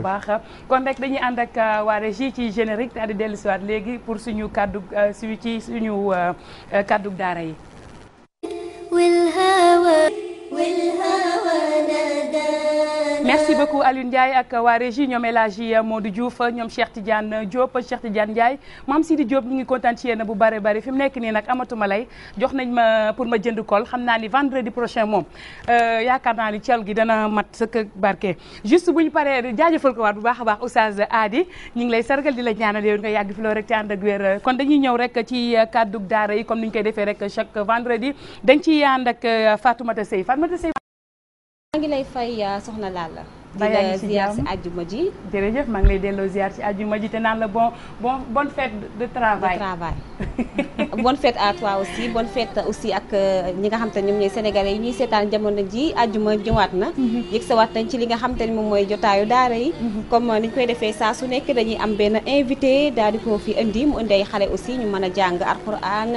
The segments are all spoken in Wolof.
baax a kon rek dañuy ànd ak euh, waa régie ci générique daal di dellusiwaat léegi pour suñu kàddu euh, su ci suñu euh, kàddu daara yi merci beaucoup Alioune Ndiaye ak waa régie ñoom El Hadji Modou Diouf ñoom Cheikh Tidiane Diop Cheikh Tidiane Ndiaye maam Sidi Diop ñu ngi kontaan ci yéen bu bare bare fi nekk nii nag amatuma lay jox nañ ma pour ma jënd kol xam naa ni vendredi prochain moom euh, yaakaar naa ni cel gi dana mat sëkk barke juste bu ñu paree jaajëfal ko waat bu baax a baax Oustaz Adi ñu ngi lay sargal di la ñaanal yow nga yàgg fi loo rek te ànd ak wér kon dañuy ñëw rek ci kàddu yi comme ni ñu koy defee rek chaque vendredi dañ ciy ànd ak euh, Fatoumata Sey Fatoumata Sey maa ngi lay fay ah, soxna Lalla. la ziar si àjjuma ji. jërëjëf maa delloo ziar si àjjuma ji te naan la bon bon bonne fête de travail. de travail bonne fête à toi aussi bonne fête aussi ak euh, ñi nga xam te ne ñoom ñooy sénégalais yi ñuy seetaan jamono ji àjjuma ñëwaat na. Mhm. yëg sa waat nañ ci li nga xam te ne moom mooy jotaayu daal yi. Mhm. comme euh, ni ñu koy defee saa su nekk dañuy am benn invité daal di ko fi indi mu indi ay xale aussi ñu mën a jàng alxuraan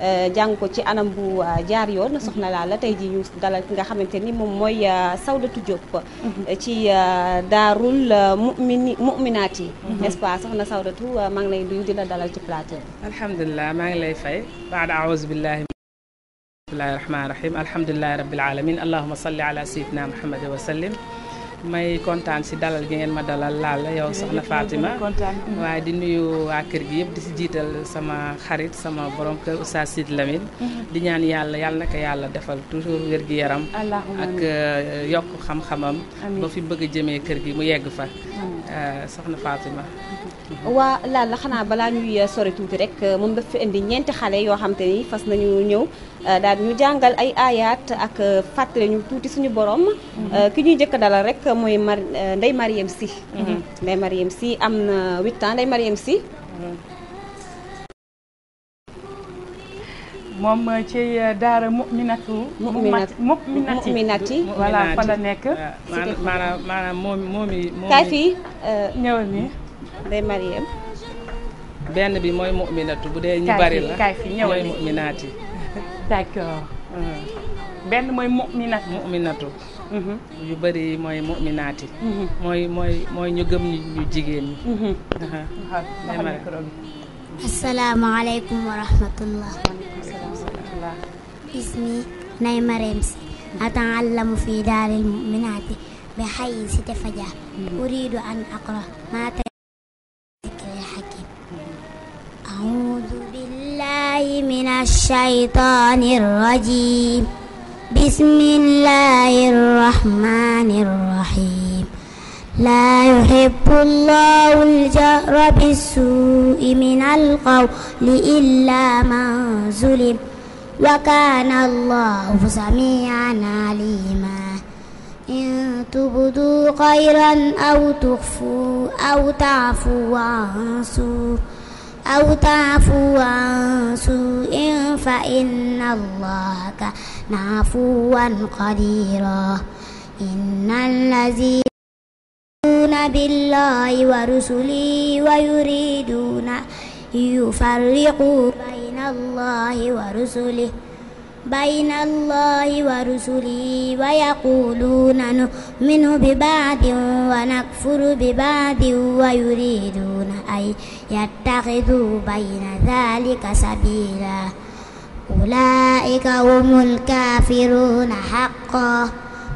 Euh, jàng ko ci anam bu euh, jaar yoon soxna laa la tey ji ñu dalal nga xamante ni moom mooy euh, Sawdatu Diop mhm. ci daarul mumini muminaat yi mhm. n'est-ce pas soxna Sawdatu maa ngi lay nuyu di la dalal ci plateau alhamdulilah maa ngi lay fay baada aouzu billahi bismillahi rahmani rahim alhamdulilahi rabbil alamin allahuma salli ala sayidina muhammad wa sallim may kontaan si dalal gi ngeen ma dalal laal la yow soxna Fatima waaye di nuyu waa kër gi yëpp di si jiital sama xarit sama borom kër Oustaz siit Lamine mhm. di ñaan yàlla yàlla na ko yàlla defal toujours wér gi yaram ak euh, yokk xam-xamam ba fi bëgg a jëmee kër gi mu yegg fa Euh, soxna Fatima. waa laal la xanaa balaa ñuy euh, sori tuuti rek euh, moom daf fi indi ñeenti xale yoo xam te ni fas nañu ñëw daal ñu jàngal ay aayaat ak fàttali ñu tuuti suñu borom. Mhm. ki ñuy njëkk dalal rek mooy Mar Ndeye Mariam Sy. Mhm. Ndeye Mariam si am na 8 ans Ndeye Mariam Sy. Mhm. moom ci euh, daara mu'minatu mu'minati mu'minati voilà fa la nekk maanaam maanaam moom moom yi kaay fii euh, ñëwal nii day Mariam benn bi mooy mu'minatu bu dee ñu bari la kaay fii ñëwal nii mu'minati d'accord benn mooy mu'minatu mu'minatu mhm. yu bëri mooy mu'minaati mhm. mooy mooy ñu gëm ñu jigéen ñi mhm. asalaamaaleykum wa rahmatullah allah ismi nay mareem si ata'allamu fi daaril mu'minaati bi xayi si te fajar uridu an aqra ma ta zikril hakim a'udhu billahi minash shaytanir rajim bismillahir rahmanir rahim لا يحب الله الجهر بالسوء من القول إلا من ظلم وكان الله سميعا عليما إن تبدوا خيرا أو تخفوا أو تعفوا عن سوء أو تعفوا عن سوء فإن الله كان عفوا قديرا إن الذين يؤمنون بالله ورسله ويريدون يفرقوا بين الله ورسله بين الله ورسله ويقولون نؤمن ببعض ونكفر ببعض ويريدون أن يتخذوا بين ذلك سبيلا أولئك هم الكافرون حقا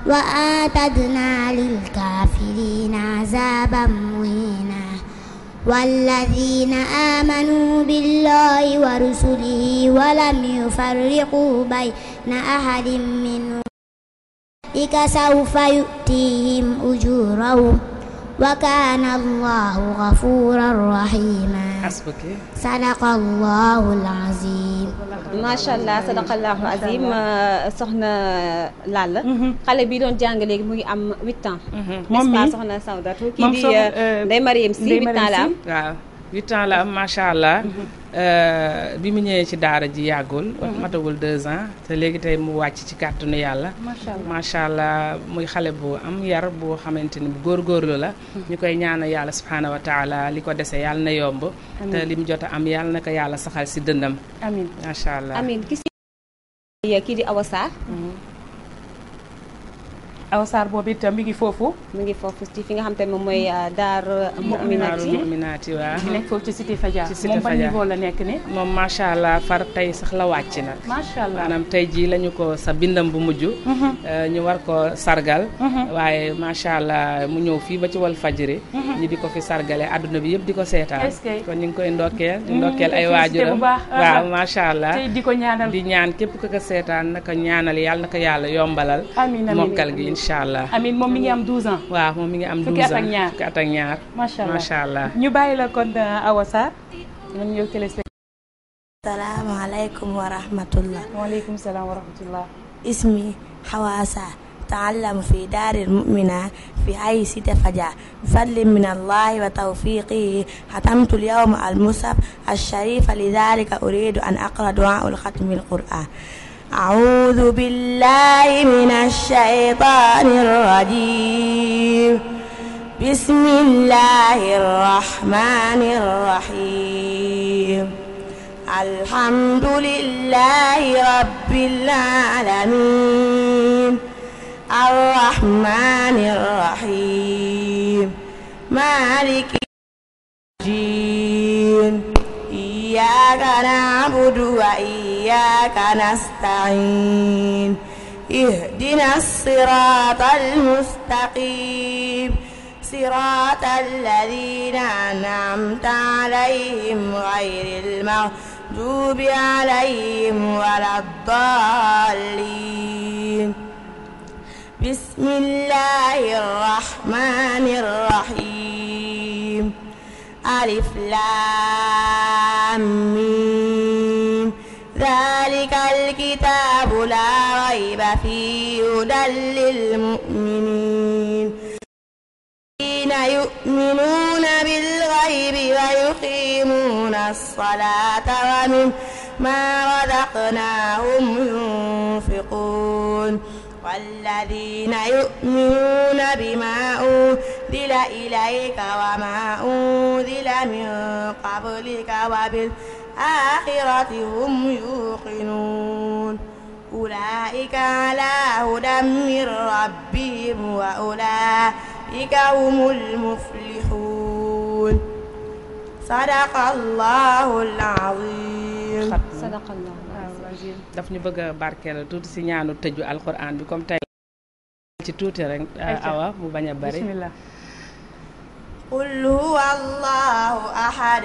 وأعتدنا للكافرين عذابا مهينا والذين آمنوا بالله ورسله ولم يفرقوا بين أحد منهم أولئك سوف يؤتيهم أجورهم wa kaana allahu gafuuran rahiima sadaqallaahu al-aziim macha allah sadaqallaahu al-aziim soxna Lalla mhm. xale bi doon jàng léegi mu ngi am huit ans mhm. moom mi soxna Sawdatu kii di euh, euh, Ndeye Mariam Sy huit ans la am waaw huit ans la am macha allah. Euh, bi mu ñëwee ci daara ji yàggul. matagul deux ans te léegi tey mu wàcc ci kàttanu yàlla. macha allah muy xale bu am yar boo xamante ni góor góorgóorlu la. ñu koy ñaanal yàlla subhaana wa li ko dese yàlla na yomb. te lim jot am yàlla na ko yàlla saxal si dëndam. amiin macha allah amiin kii di aw saar boobu it mi ngi foofu. mi ngi foofu ci fi nga xam te ne moom mooy euh, Daaru Muminati Daaru Muminati waaw. nekk ci Cité Fadia. ci Cité moom ban la nekk nii. moom macha allah far tey sax la wàcc nag. macha allah maanaam tey jii lañu ko sa bindam bu mujj. Mm-hmm. Euh, ñu war ko sargal. Mm-hmm. waaye macha allah mu ñëw fii ba ci wal fajiri. Mm-hmm. ñi di ko fi sargale adduna bi yëpp di ko seetaan. kon ñu ngi koy ndokkeel. di ndokkeel ay waajuram waaw macha allah tey di ko ñaanal di ñaan képp ku ko seetaan naka ñaanal yàlla naka yàlla yombalal. mokkal gi incha allah Amine moom mi ngi am 12 ans. waaw moom mi ngi am 12 ans fukki at ak ñaar fukki at ak ñaar. macha allah ñu bàyyi la kon euh, Awa Sarr. man ñëw salaamaaleykum wa rahmatullah. waaleykum salaam wa rahmatullah. ismi Hawa Sarr. taallamu fi daaril mu'mina fi ay site faja bifadlin min allahi wa tawfiqihi hatamtu lyawma almusab alsharifa lidalika uridu an aqra duaa alxatmi alquran أعوذ بالله من الشيطان الرجيم بسم الله الرحمن الرحيم الحمد لله رب العالمين الرحمن الرحيم مالك الدين إياك نعبد وإياك وإياك نستعين اهدنا الصراط المستقيم صراط الذين أنعمت عليهم غير المغضوب عليهم ولا الضالين بسم الله الرحمن الرحيم ألف لام مين ذلك الكتاب لا ريب فيه هدى للمؤمنين الذين يؤمنون بالغيب ويقيمون الصلاة ومما رزقناهم ينفقون والذين يؤمنون بما أنزل إليك وما أنزل من قبلك وبالقرآن الآخرة هم يوقنون أولئك على هدى من ربهم وأولئك هم المفلحون صدق الله العظيم صدق الله العظيم daf ñu bëgg a barkeel tuuti si ñaanu tëju alquran bi comme tey ci tuuti rek awa mu bañ a bari bismillah qul huwa allahu ahad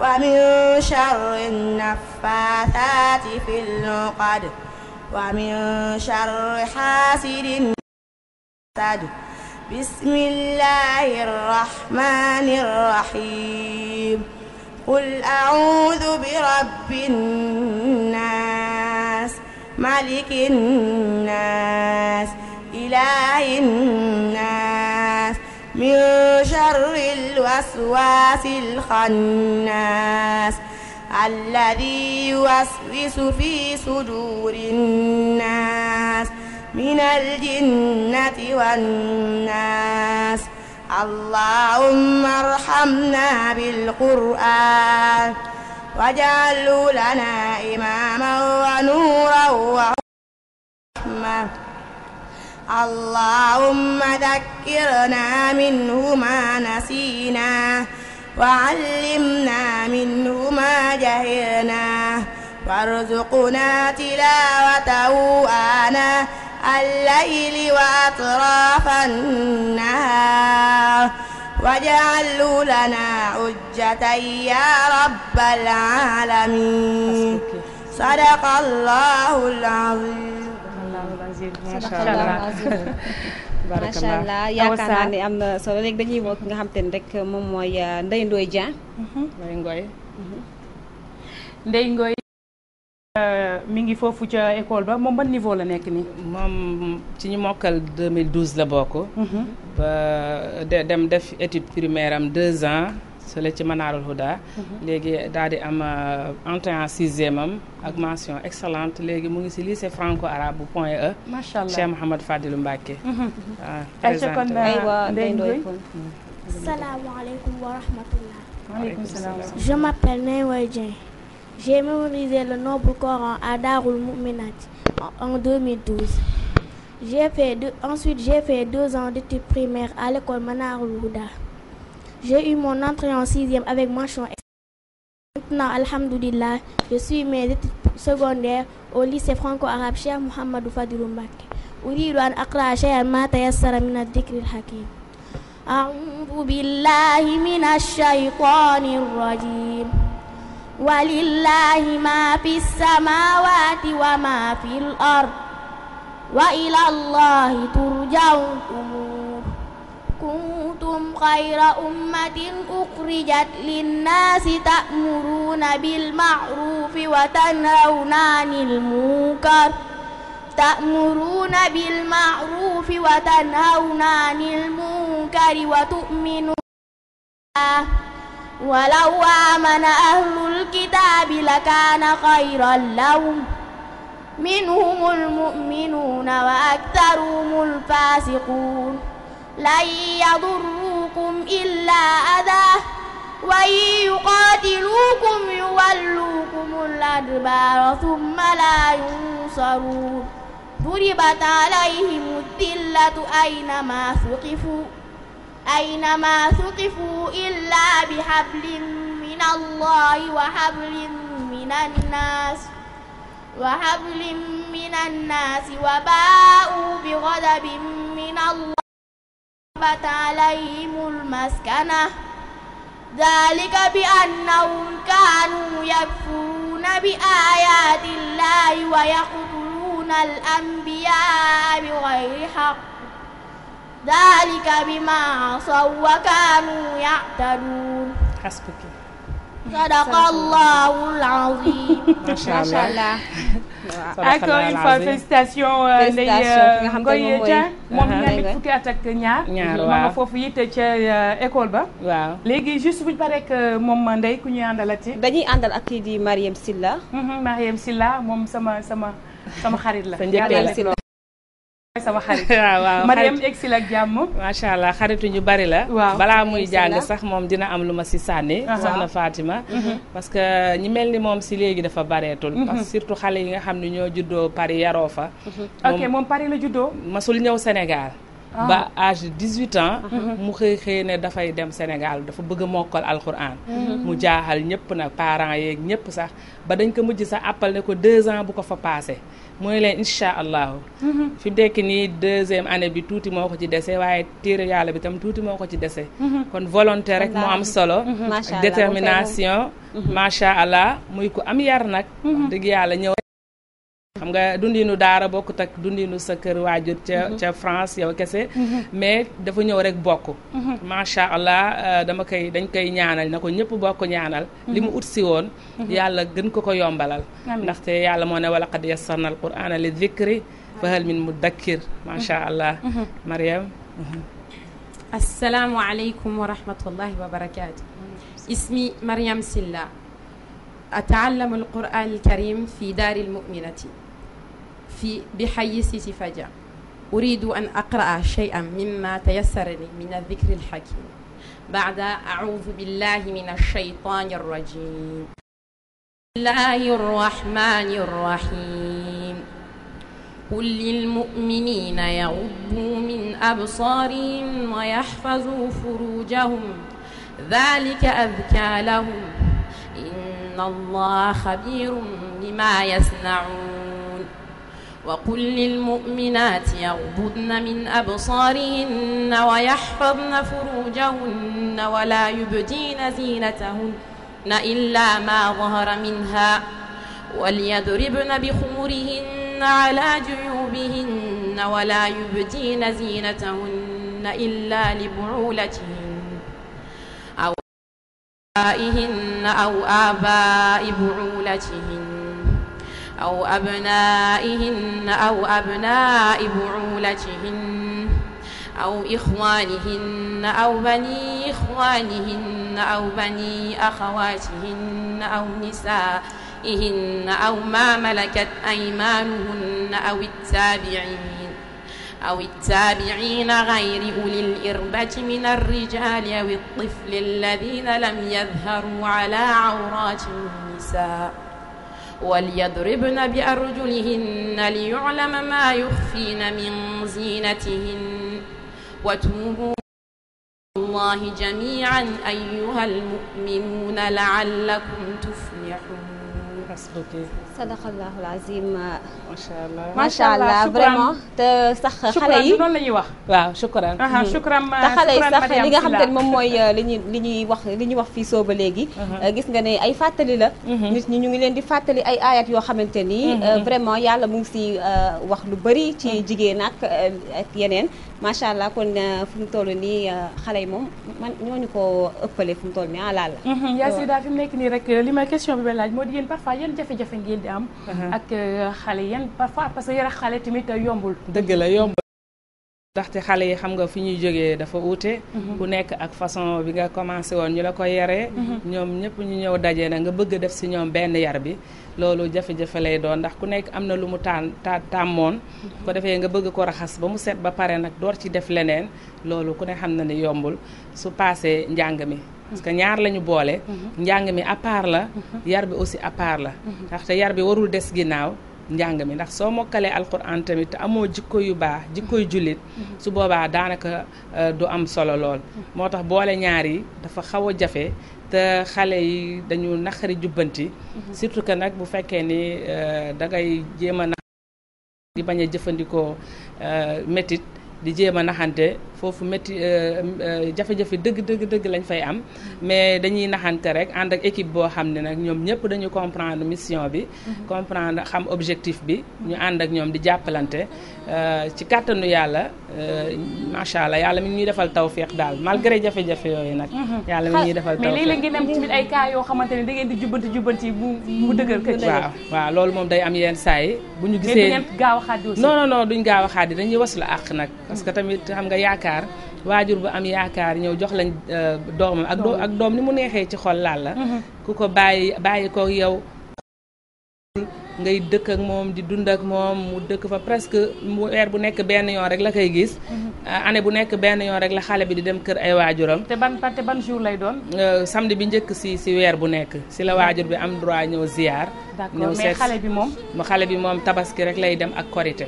ومن شر النفاثات في العقد ومن شر حاسد حسد بسم الله الرحمن الرحيم قل أعوذ برب الناس ملك الناس إله الناس من شر الوسواس الخناس الذي يوسوس في صدور الناس من الجنة والناس اللهم ارحمنا بالقرآن واجعله لنا إماما ونورا ورحمة اللهم ذكرنا منه ما نسينا وعلمنا منه ما جهلنا وارزقنا تلاوته آناء الليل وأطراف النهار واجعله لنا حجة يا رب العالمين صدق الله العظيم azim macha allah macha allah yaakaar naa ne am na solo léegi dañuy woo ki nga xam te ne rek moom mooy Ndeye Ndoye Dieng. Ndeye Ngoy Ndeye Ngoy mi ngi foofu ca école ba moom ban niveau la nekk ni moom ci ñu mokkal 2012 la bokk. Mhm. ba dem def étude primaire am deux ans. sële ci Manaarul Huda mhm. léegi daal di am euh, entrée en ak mention excellente léegi mu ngi si lycée franco arabe bu point E. macha allah Cheikh Mouhamed Fadilou Mbacké. Mhm. présenté aywa je m'appelle Neywa Dieng. j'ai mémorisé le noble Coran à Darul Mouminat en 2012. J'ai fait deux, ensuite j'ai deux ans d'études primaires à l'école Manaroul Houda. J'ai eu mon entrée en sixième avec mention Maintenant, Alhamdulillah, je suis mes études secondaires au lycée franco-arabe Cheikh Mouhamadou Fadilou Mbacké. أريد أن أقرأ شيئا ما تيسر من الذكر الحكيم. أعوذ بالله من الشيطان الرجيم. ولله ما في السماوات وما في الأرض. وإلى الله ترجع الأمور. كنتم خير أمة أخرجت للناس تأمرون بالمعروف وتنهون عن المنكر تأمرون بالمعروف وتنهون عن المنكر وتؤمنون ولو آمن أهل الكتاب لكان خيرا لهم منهم المؤمنون وأكثرهم الفاسقون لن يضروكم إلا أذى وإن يقاتلوكم يولوكم الأدبار ثم لا ينصرون ضربت عليهم الذلة أينما ثقفوا أينما ثقفوا إلا بحبل من الله وحبل من الناس وحبل من الناس وباءوا بغضب من الله ثبت عليهم المسكنة ذلك بأنهم كانوا يكفرون بآيات الله ويقتلون الأنبياء بغير حق ذلك بما عصوا وكانوا يعتدون حسبك sadaqallahul azim macha allah encore une fois félicitations Ndeye uh, Ngoye Dia moom nga nekk fukki at ñaar ñaar waaw ma foofu yitte ca uh, école ba waaw léegi juste buñu paree que uh, moom Ndeye ku ñuy àndalati dañuy àndal ak kii di Mariam Silla mm-hmm, Mariam Silla moom sama sama sama xarit la sa njëkkee la sama xarit waaw Mariam Exil jàmm macha allah xaritu ñu bari la balaa muy jàng sax moom dina am lu ma ci sànni soxna Fatima mhm. parce que ñi mel ni moom si léegi dafa bareetul mhm. surtout xale yi nga xam ne ñoo juddoo Paris yaroo fa mhm. ok moom Paris la juddoo masul ñëw Sénégal ah. ba âge de dix-huit ans mu xëy xëy ne dafay dem Sénégal dafa bëgg a mokkal alxuraan mu jaaxal ñëpp nag parents yeeg ñëpp sax ba dañ ko mujj sax appal ne ko deux ans bu ko fa passé mu ne leen incha allahu. Mm-hmm. fi mu nekk nii deuxième année bi tuuti moo ko ci dese waaye téere yàlla bi tam tuuti moo ko ci dese. Mm-hmm. kon volonté rek mm-hmm. mu am solo. détermination. macha allah muy ko am yar nag. dëgg yàlla ñëw. xam nga dundinu daara tak ak dundinu sa kër waajur ca mhm. ca France yow kese mhm. mais dafa ñëw rek bokk mhm. macha allah euh, dama koy dañ koy ñaanal na ko ñëpp bokk ñaanal li mu ut si woon yàlla gën ko ko yombalal ndaxte yàlla moo ne wala qad yassarna al li dhikri fahal min mudakkir macha allah mariam assalaamu aleykum wa rahmatullahi wa barakaatu ismi mariam silla أتعلم القرآن الكريم في دار المؤمنة في بحي سيتي فجا أريد أن أقرأ شيئا مما تيسر لي من الذكر الحكيم بعد أعوذ بالله من الشيطان الرجيم الله الرحمن الرحيم قل للمؤمنين يغضوا من أبصارهم ويحفظوا فروجهم ذلك أذكى لهم إن الله خبير بما يصنعون وقل للمؤمنات يغضضن من أبصارهن ويحفظن فروجهن ولا يبدين زينتهن إلا ما ظهر منها وليضربن بخمرهن على جيوبهن ولا يبدين زينتهن إلا لبعولتهن أو آبائهن أو آباء بعولتهن أو أبنائهن أو أبناء بعولتهن أو إخوانهن أو بني إخوانهن أو بني أخواتهن أو نسائهن أو ما ملكت أيمانهن أو التابعين أو التابعين غير أولي الإربة من الرجال أو الطفل الذين لم يظهروا على عورات النساء وليضربن بأرجلهن ليعلم ما يخفين من زينتهن وتوبوا الله جميعا أيها المؤمنون لعلكم تفلحون sadaqallahul azim macha allah macha allah vraiment te sax xale yi loolu la ñuy wax waaw shukran hmm. shukran te xale yi sax li nga xam te moom mooy euh, li ñuy li ñuy wax li ñuy wax fii sooba léegi euh, gis nga ne ay fàttali la mhm. nit ñi ñu ngi leen di fàttali ay ayat yoo xamante ni mhm, euh, mhm. vraiment yàlla mu ngi si wax lu bari ci jigéen ak ak yeneen macha allah kon fu mu toll nii xale yi moom man ñooñu ko ëppale fu mu toll nii laal la yaa si daa fi nekk nii rek li ma question bi ma moo di yéen parfois yéen jafe-jafe ngeen di am. Uh-huh. ak euh, xale yan parfois parce que yore tamit yombul. dëgg la yombul. ndaxte xale yi xam nga fi ñuy jógee dafa wute uh-huh. ku nekk ak façon bi nga commencé woon ñu la ko yaree. Uh-huh. ñoom ñëpp ñu ñëw daje na nga bëgg def si ñoom benn yar bi. loolu jafe-jafe lay doon ndax ku nekk am na lu mu taan ta tàmmoon. ko defee nga bëgg ko raxas ba mu set ba pare nag door ci def leneen loolu ku ne xam na ne yombul su paasee njàng mi. parce que ñaar la ñu boole. Mhm. njàng mi à la. Mhm. yar bi aussi à part la. Mhm. ndaxte yar bi warul des ginnaaw. njàng mi ndax soo mokkalee alquran tamit amoo jikko yu baax jikkoy yu jullit su boobaa daanaka euh, du am solo lool moo tax boole ñaar yi dafa xaw a jafe te xale yi dañu naqari jubbanti surtout que nag bu fekkee ni euh, dangay jéem a nax di bañ a jëfandikoo euh, métit di jéem a naxante foofu métti euh, euh, jafe-jafe dëgg dëgg dëgg lañ fay am mais dañuy naxante rek ànd ak équipe boo xam ne nag ñoom ñëpp dañu comprendre mission bi mhm. comprendre xam objectif bi ñu ànd ak ñoom di jàppalante euh, ci kàttanu yàlla macha allah yàlla mi ngi ñuy defal tawféex daal malgré jafe-jafe yooyu nag mhm. yàlla mi ñuy defal tawféex ah, mais léeg-léeg ngeen am tamit ay cas yoo xamante ne da ngeen di jubbanti jubbanti bu mu dëgër kër waaw waaw loolu moom day am yenn saa yi bu ñu gisee non non non duñ gaaw a xaat yi dañuy waslu àq nag yaakaar waajur bu am yaakaar ñëw jox lañ euh, doomam ak ak doom ni mu neexee ci xol laal la mm-hmm. ku ko bàyyi bàyyi kook yow ngay dëkk ak moom di dund ak moom mu dëkk fa presque weer bu nekk benn yoon rek la koy gis mm-hmm. euh, année bu nekk benn yoon rek la xale bi di dem kër ay waajuram te ban te ban jour lay doon euh, samedi bi njëkk si si weer bu nekk si la waajur bi am droit ñëw ziyaar ñëw seet xale bi moom xale bi moom tabaski rek lay dem ak korite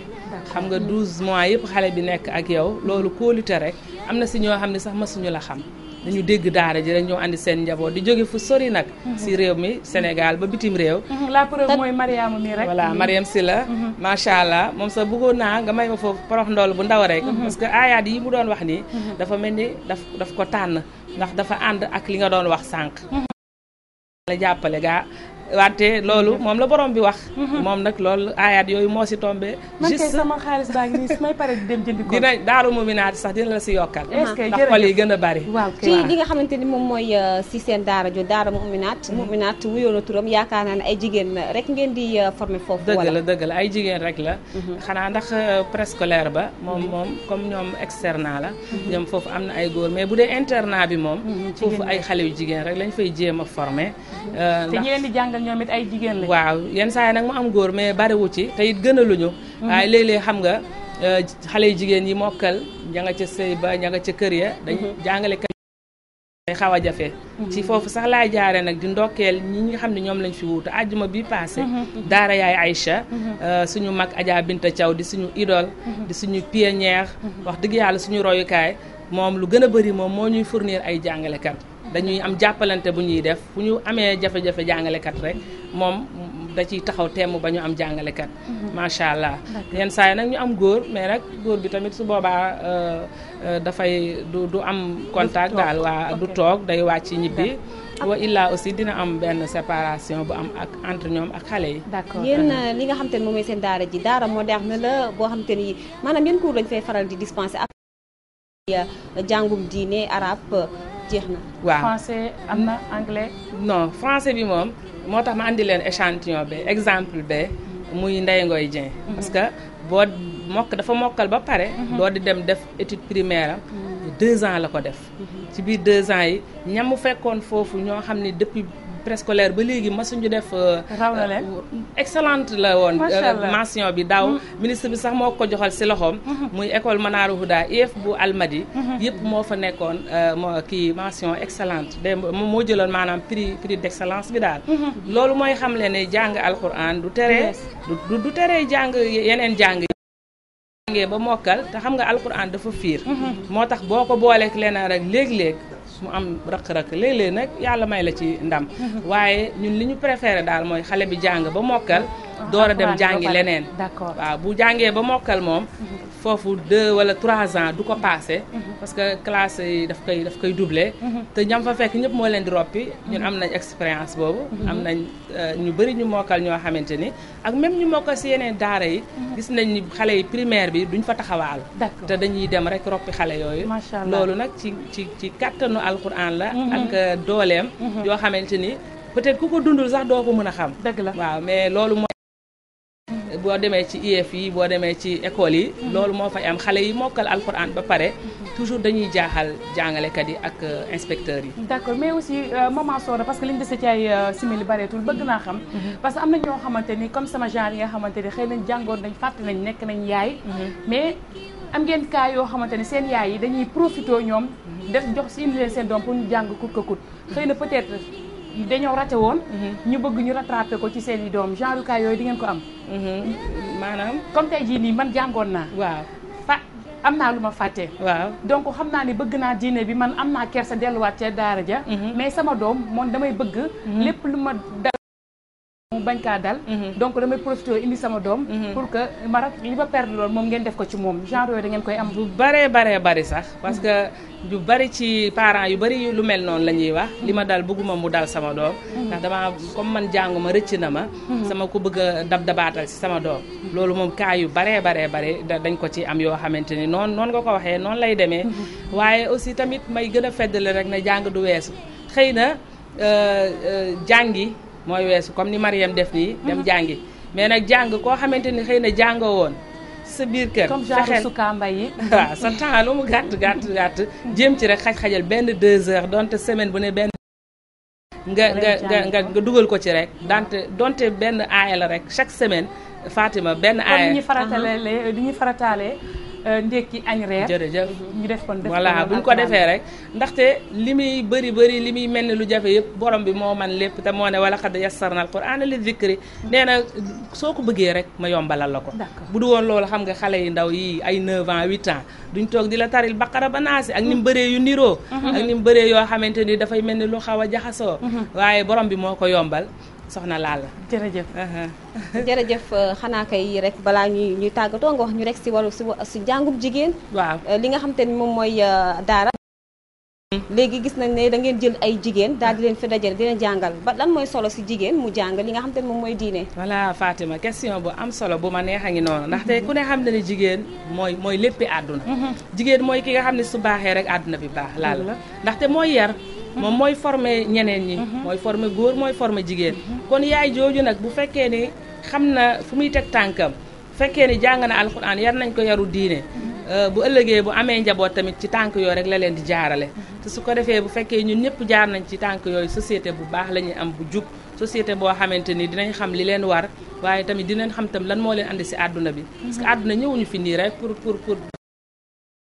xam nga 12 mois yëpp xale bi nekk ak yow loolu kóolute rek am na si ñoo xam ne sax masuñu la xam dañu dégg daara ji rek ñoo andi seen njaboot di jóge fu sori nag. Mhm. si réew mi Sénégal ba bitim réew. Mhm, la preuve mooy Mariama mi rek. voilà si la. macha allah moom sax bëggoon naa nga may ma foofu porox ndool bu ndaw rek. Mhm. parce que aayaat yi mu doon wax nii. dafa mel ni daf daf ko tànn ndax dafa ànd ak li nga doon wax sànq. la jàppale gaa wante loolu mhm. moom la borom bi wax. Mhm. moom nag loolu aayaat yooyu moo si tombé. juste sama xaalis baa ngi nii su may paree di dem dina daaru muminaati sax dina la si yokkal. est-ce que ndax xol yi gën a bari. waaw ci li nga xamante ni moom mooy euh, si seen daara jo daara muminaat. Mhm. muminaat wuyoo na turam yaakaar naa ne ay jigéen la rek ngeen di euh, former foofu. wala dëgg la dëgg la ay jigéen rek la. xanaa ndax euh, préscolaire ba. moom moom comme ñoom externat la. ñoom foofu am na ay góor mais bu dee internat bi moom. foofu xale yu jigéen rek lañ fay jéem a former. ñoom it ay jigéen lañ. waaw yenn saa yi nag mu am góor mais bariwu ci te it gënaluñu. Mhm. waaye léeg-léeg xam nga euh, xale yu jigéen yi mokkal ña nga ca sëy ba ña nga ca kër ya. dañu mhm. jàngale kat day xaw a jafe. Mhm. ci foofu sax laay jaaree nag di ndokkeel ñi nga xam ne ñoom lañ fi wuutu àjjuma bi paase. daara yaay Aïcha. Euh, suñu mag Adja Binta Thiaw di suñu idol di suñu pionnière. wax dëgg yàlla suñu royukaay moom lu gën a bëri moom moo ñuy fournir ay jàngalekat. dañuy am jàppalante bu ñuy def bu ñu amee jafe-jafe jàngalekat rek moom da ciy taxaw temm ba ñu am jàngalekat. Mhm. macha allah yenn saa nag ñu am góor mais rek góor bi tamit su boobaa euh, euh, dafay du du am contact daal waa du toog day wàcc ñibbi. wa illa aussi dina am benn séparation bu am ak entre ñoom ak xale yi. d'accord yéen euh, li nga xam te ne moom mooy seen daara ji daara moderne la boo xam te ni maanaam yéen cours dañ fay faral di dispenser ak jàngum diine arab jeex na waaw français am na anglais. non français bi moom moo tax ma andi leen échantillon be exemple be muy Ndeye Ngoy Dieng. Mhm. parce que boo mokk dafa mokkal ba pare. loo mhm. di dem def étude primaire am. Mhm. deux ans la ko def. ci biir deux ans yi ñamu fekkoon foofu ñoo xam ne depuis. préscolaire ba léegi masuñu def. Euh, raw na leen euh, la woon. Euh, mention bi daaw. Mm-hmm. ministre bi sax moo ko joxal si loxoom. Mm-hmm. muy école Manaaru Huda IEF bu Almadi. Mm-hmm. yëpp moo fa nekkoon moo kii mention excellente démb moo jëloon maanaam prix prix d' excellence bi daal. loolu mooy xam le ne jàng alxuraan du tere. du du tere jàng yeneen jàng. jàngee ba mokkal te xam nga alquran dafa fiir mhm. moo tax boo ko booleek leneen rek léeg-léeg su mu am rëq-rëq léeg-léeg nag yàlla may la ci ndam mhm. waaye ñun li ñu préféré daal mooy xale bi jàng ba mokkal door a dem jàngi leneen waaw bu jàngee ba mokkal moom mhm. foofu deux wala trois ans du ko passé mhm. parce que classe yi daf koy daf koy duble mhm. te ñam fa fekk ñëpp moo leen di roppi ñun am na expérience boobu am nañ euh, ñu bëri ñu mokkal ñoo xamante ni ak même ñu mokkal si yeneen daara yi gis nañ ni xale yi primaire bi duñ fa taxawaal te dañuy dem rek roppi xale yooyu loolu nag ci ci ci kattanu alxuraan la ak euh, dooleem yoo xamante ni peut-être ku ko dundul sax doo ko mën boo demee ci IEF yi boo demee ci école yi. Mhm. loolu moo fay am xale yi mokkal alxuraan ba pare. Mhm. toujours dañuy jaaxal jàngalekat yi ak euh, inspecteurs yi. d'accord mais aussi euh, maman Soda parce que liñ dese ci ay euh, simili bareetul bëgg naa xam. Mhm. parce que am na ñoo xamante ni comme sama genre yi nga xamante ni xëy nañ jàngoon nañ fàtte nañ nekk nañ yaay. mais am ngeen cas yoo xamante ni seen yaay yi dañuy profité ñoom. def jox si indi leen seen doom pour ñu jàng kut ka kut. xëy na peut dañoo raté woon. Mhm. ñu bëgg ñu rattrapé ko ci seen i doom genre cas yooyu di ngeen ko am. Mhm. maanaam comme tey jii nii man jàngoon naa. waaw fa am naa lu ma fàtte. waaw donc xam naa ne bëgg naa diine bi man am naa kersa delluwaat ca daara ja mhm. mais sama doom moom damay bëgg. lépp lu ma mu bañ kaa dal mhm. donc damay profité indi sama doom mhm. pour que marak li ba perdre loolu moom ngeen def ko ci moom genre yooyu da koy am bu baree baree bari sax parce que yu bari ci parent yu bari lu mel noonu la ñuy wax mhm. li ma dal bëgguma mu dal sama doom ndax dama comme man jàngu ma rëcc na ma sama ko bëgg a dab dabaatal ci sama doom loolu moom cas yu baree baree bare dañ ko ci am yoo xamante ni noonu noonu nga ko waxee noonu lay demee waaye aussi tamit may gën a feddale rek na jàng du weesu xëy na euh, euh, jàngi mooy weesu comme ni Mariam def nii dem mhm. jàngi mais nag jàng koo xamante ni xëy na jàngoo woon sa biir kër comme genre yi sa temps lu mu gàtt gàtt gàtt jéem ci rek xaj-xajal benn deux heures donte semaine bu ne benn nga nga nga nga dugal ko ci rek dante donte benn aaya la rek chaque semaine Fatima benn aaya comme ñi faratale uh-huh. Euh, ndékki añ reer jërëjëf ñu def kon def voilà bu ñu ko defee rek ndaxte li muy bëri bëri li muy mel ni lu jafe yëpp borom bi moo man lépp te moo ne wala xad yassarna al qur'ana li zikri nee na soo ko bëggee rek ma yombalal la ko bu du woon loolu xam nga xale yi ndaw yi ay 9 ans 8 ans duñ toog di la taril baqara ba naasi ak ni mu bëree yu niroo mhm. ak ni mu bëree yoo xamante ni dafay mel ni lu xaw a jaxasoo mhm. waaye borom bi moo ko yombal soxna la jërëjëf. Uh-huh. jërëjëf uh, xanaa kay rek balaa ñuy ñuy tàggatoo nga wax ñu rek si waru si jàngub jigéen. waaw uh, li nga xam te ni moom mooy uh, daara. léegi gis nañ ne da ngeen jël ay jigéen daal di leen fi dajale dina jàngal ba lan mooy solo si jigéen mu jàng li nga xam te moom mooy diine. voilà Fatima question bu am solo bu ma neex a ngi noonu ndax ndaxte ku ne xam na ne jigéen mooy mooy léppi àdduna. Mm-hmm. jigéen mooy ki nga xam ne su baaxee rek àdduna bi baax. laal la ndaxte mooy yar. moom mooy former ñeneen ñi. Mhm. mooy former góor mooy former jigéen. Mhm. kon yaay jooju nag bu fekkee ni xam na fu muy teg tànkam fekkee ni jàng na alxuraan yar nañ ko yaru diine. Mhm. Euh, bu ëllëgee bu amee njaboot tamit ci tànk yooyu rek la leen di jaarale. te su ko defee bu fekkee ñun ñëpp jaar nañ ci tànk yooyu société bu baax la ñuy am bu jub société boo xamante ni dinañ xam li leen war waaye tamit dinañ xam tam lan moo leen andi si àdduna bi. parce àdduna ñëwuñu fi nii rek pour pour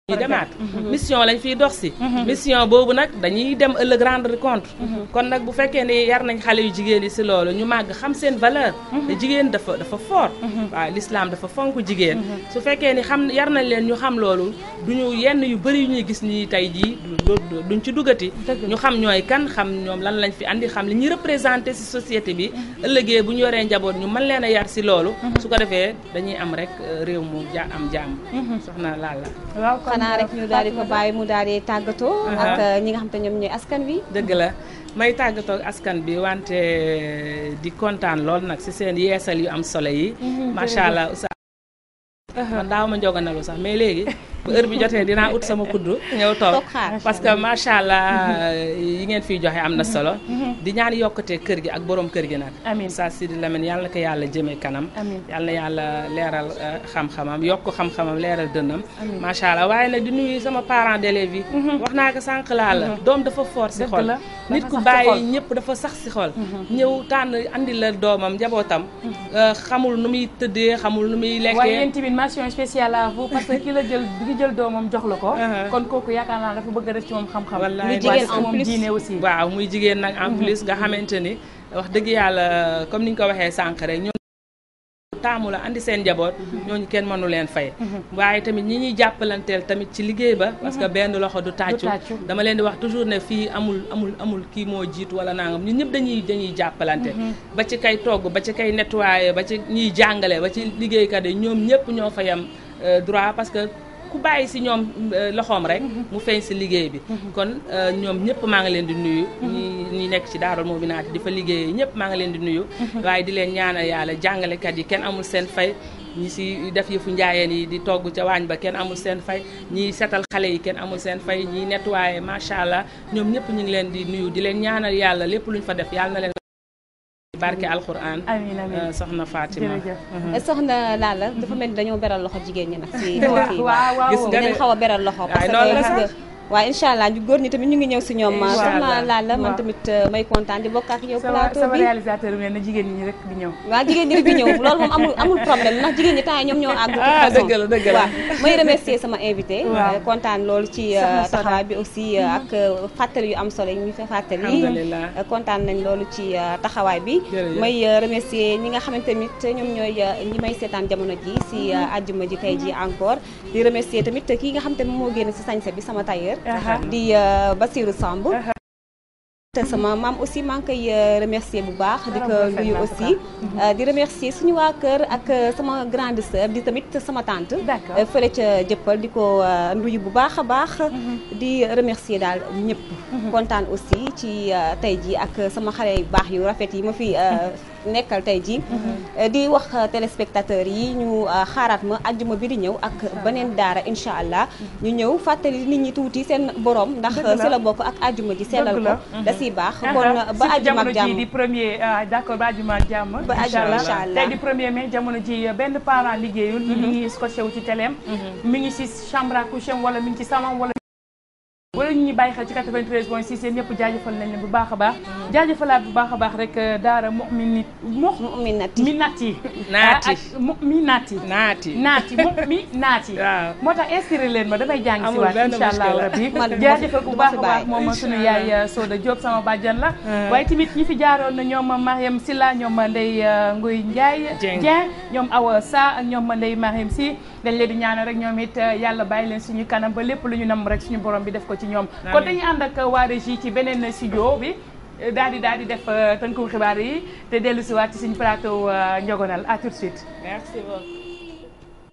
ñu demaat mhm. mission lañ fiy dox si mhm. mission boobu nag dañuy dem ëllëg rendre compte mhm. kon nag bu fekkee ni yar nañ xale yu jigéen yi si loolu ñu màgg xam seen valeur te jigéen dafa dafa fort waaw l'islam dafa fonk jigéen su fekkee ni xam yar nañ leen ñu xam loolu duñu yenn yu bëri yu ñuy gis nii tey jii duñ ci duggati ñu xam ñooy kan xam ñoom lan lañ fi andi xam li ñuy représenté si société bi ëllëgee bu ñu yoree njaboot ñu man leen a yar si loolu su ko defee dañuy am rek euh, réew mu ja am jàmm laal la xanaa rek ñu daal di ko bàyyi mu daal di tàggatoo. Uh-huh. ak uh, ñi nga xam te ñoom ñooy askan wi. dëgg la may tàggatoo askan bi wante uh, di kontaan lool nag ci seen yeesal yu am solo yi. Mm-hmm. macha allah. Uh-huh. man daaw ma njoganalu sax mais léegi. bu heure bi jotee dinaa ut sama kudd ñëw toog parce que macha allah yi ngeen fiy joxe am na solo mhm. di ñaan yokkatee kër gi ak borom kër gi nag amiin saa Sidi Lamine yàlla na ko yàlla jëmee kanam yàlla na yàlla leeral euh, xam-xamam yokk xam-xamam leeral dënnam macha allah waaye nag di nuyu sama parents d'élèves yi mhm. wax naa ko sànq laa la mhm. doom dafa fort si xol nit ku bàyyi ñëpp dafa sax si xol ñëw tànn indi la doomam njabootam euh, xamul nu muy tëddee xamul nu muy lekkee parce que ki jël ki jël uh-huh. a def ci moom xam-xam muy uh-huh. ni wax dëgg yàlla comme ni ñu ko waxee sànq rek ñoom taamu la andi seen njaboot uh-huh. ñooñu kenn mënu leen fay waaye tamit ñi ñuy jàppalanteel tamit ci liggéey ba parce que benn loxo du tàccu dama leen di wax toujours ne fi amul amul amul kii moo jiitu wala nangam ñun ñëpp dañuy dañuy jàppalante ba ci kay togg ba ci kay nettoyer ba ci ñuy jàngale ba ci liggéeykat yi ñoom ñëpp ñoo fa yam euh, droit ku bàyyi si ñoom euh, loxoom rek mu feeñ si liggéey bi kon euh, ñoom ñëpp maa ngi leen di nuyu ñi ñi nekk ci daarul Muminaati di fa liggéeyee ñëpp maa ngi leen di nuyu waaye di leen ñaanal yàlla jàngalekat yi kenn amul seen fay ñi si def yëfu njaayeen yi di togg ca waañ ba kenn amul seen fay ñiy setal xale yi kenn amul seen fay ñiy nettoyé macha allah ñoom ñëpp ñu ngi leen di nuyu di leen ñaanal yàlla lépp luñ fa def yàlla na leen barke alxuraan amiin amiin euh, soxna Fatima mhm. euh, soxna Lalla dafa mel ni dañoo beral loxo jigéen ñi nag si waaw waaw gis nga ne xaw a beral loxo parce que waaw incha allah ñu góor ñi tamit ñu ngi ñëw si ñoom. incha allah laa la man tamit euh, may kontaan di bokk ak yow. plateau bi sama réalisateur bi jigéen ñi di ñëw. waaw jigéen ñi rek di ñëw loolu amul amul jigéen ñi temps ñoom ñoo àgg. ah dëgg la dëgg la waaw may remercier sama invité. Euh, kontaan loolu ci euh, taxawaay bi aussi mm-hmm. ak fàttali yu am solo yi ñu fa fàttali. alhamdulilah kontaan nañ loolu ci taxawaay bi. may remercier ñi nga xamante tamit ñoom ñooy ñi may seetaan jamono ji si mm-hmm. àjjuma ji tey ji encore di remercier tamit kii nga xam te moo génn si sañse bi sama tailleur di euh, Bassirou Samb te sama maam aussi maa ngi koy euh, remercier bu baax di ko nuyu aussi euh, di remercier suñu waa kër ak sama grande sœur di tamit sama tante fële ca jëppal di ko nuyu bu baax a baax mhm. di remercier daal ñëpp mhm. kontaan aussi ci tey ji ak sama xale yu baax yu rafet yi ma fi nekkal tey ji mhm. eh, di wax eh, téléspectateur yi ñu eh, xaaraat ma àjjuma bi di ñëw ak beneen daara incha allah. Mhm. ñu ñëw fàttali nit ñi tuuti seen borom ndax si la bokk ak àjjuma ji sellal ko da siy baax kon mhm. ba àjjuma ak jàmm di premier d'accord ba àjjuma ak jàmm ba àjjuma incha allah tey di premier mais jamono ji benn parent liggéeyul ñi ngi scotché wu ci teleem mi ngi si chambre à coucher wala mi ngi ci salon wala wala ñu ñuy bàyyi xel ci 93 point 6 yéen ñëpp jaajëfal nañ leen bu baax a baax jaajëfalaat bu baax a baax rek euh, daara mu'minit mu'minati minati naati ah, ah, mu'minati naati naati mu'minati waaw moo tax inspiré leen ma damay jàng si waat insha allah rabbi jaajëfal bu baax a baax moom suñu yaay euh, Soda Diop sama la ah. waaye tamit ñi fi jaaroon na ñoom Mariam Silla ñoom Ndey euh, Nguy Ndiaye Dieng ñoom Awa Sa ak ñoom Ndey Mariam Si dañ leen di ñaanal rek ñoom it yàlla bàyyi leen suñu kanam ba lépp lu ñu nam rek suñu borom bi def ko ci ñoom kon dañuy ànd ak waa régie ci beneen studio bi daal di daal di def euh, tënku xibaar yi te dellu si waat ci suñu plateau euh, Njogonal à tout de suite merci beaucoup